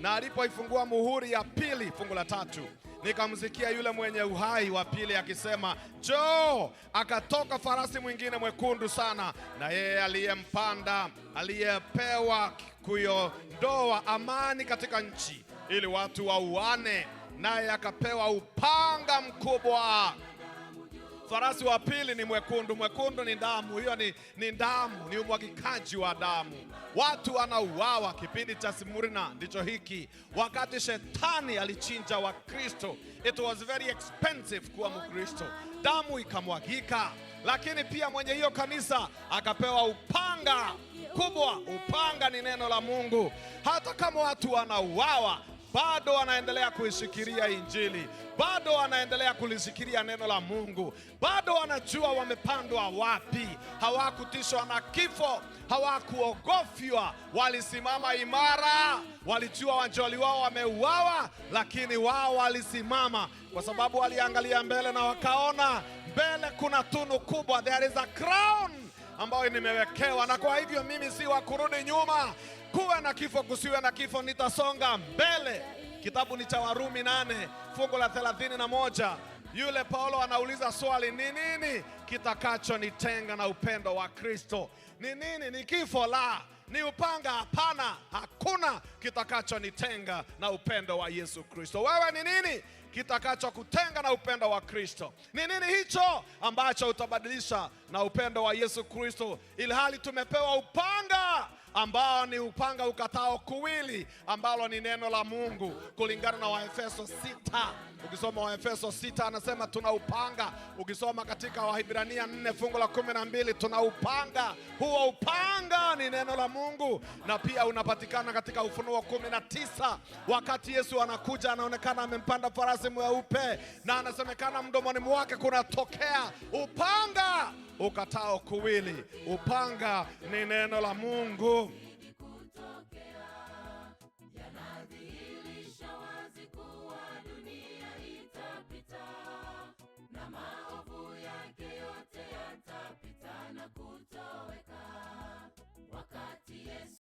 na alipoifungua muhuri ya pili, fungu la tatu, nikamsikia yule mwenye uhai wa pili akisema, joo Akatoka farasi mwingine mwekundu sana, na yeye aliyempanda aliyepewa kuiondoa amani katika nchi, ili watu wauane, naye akapewa upanga mkubwa Farasi wa pili ni mwekundu. Mwekundu ni damu, hiyo ni, ni damu, ni umwagikaji wa damu. Watu wanauawa. Kipindi cha Smurna ndicho hiki, wakati shetani alichinja Wakristo. It was very expensive kuwa Mkristo, damu ikamwagika. Lakini pia mwenye hiyo kanisa akapewa upanga kubwa. Upanga ni neno la Mungu. Hata kama watu wanauawa bado wanaendelea kuisikiria Injili, bado wanaendelea kulisikiria neno la Mungu, bado wanajua wamepandwa wapi. Hawakutishwa na kifo, hawakuogofywa, walisimama imara. Walijua wanjoli wao wameuawa, lakini wao walisimama kwa sababu waliangalia mbele na wakaona mbele kuna tunu kubwa, there is a crown ambayo nimewekewa, na kwa hivyo mimi si wa kurudi nyuma. Kuwe na kifo, kusiwe na kifo, nitasonga mbele. Kitabu ni cha Warumi nane fungu la thelathini na moja. Yule Paulo anauliza swali, ni nini kitakachonitenga na upendo wa Kristo? Ni nini? Ni kifo? La. Ni upanga? Hapana, hakuna kitakachonitenga na upendo wa Yesu Kristo. Wewe ni nini kitakachokutenga na upendo wa Kristo? Ni nini hicho ambacho utabadilisha na upendo wa Yesu Kristo, ilhali tumepewa upanga ambao ni upanga ukatao kuwili, ambalo ni neno la Mungu kulingana na Waefeso sita. Ukisoma Waefeso sita anasema tuna upanga. Ukisoma katika Wahibrania nne fungu la kumi na mbili tuna upanga. Huo upanga ni neno la Mungu, na pia unapatikana katika Ufunuo kumi na tisa wakati Yesu anakuja, anaonekana amempanda farasi mweupe, na anasemekana mdomoni mwake kunatokea upanga ukatao kuwili. Upanga ni neno la Mungu.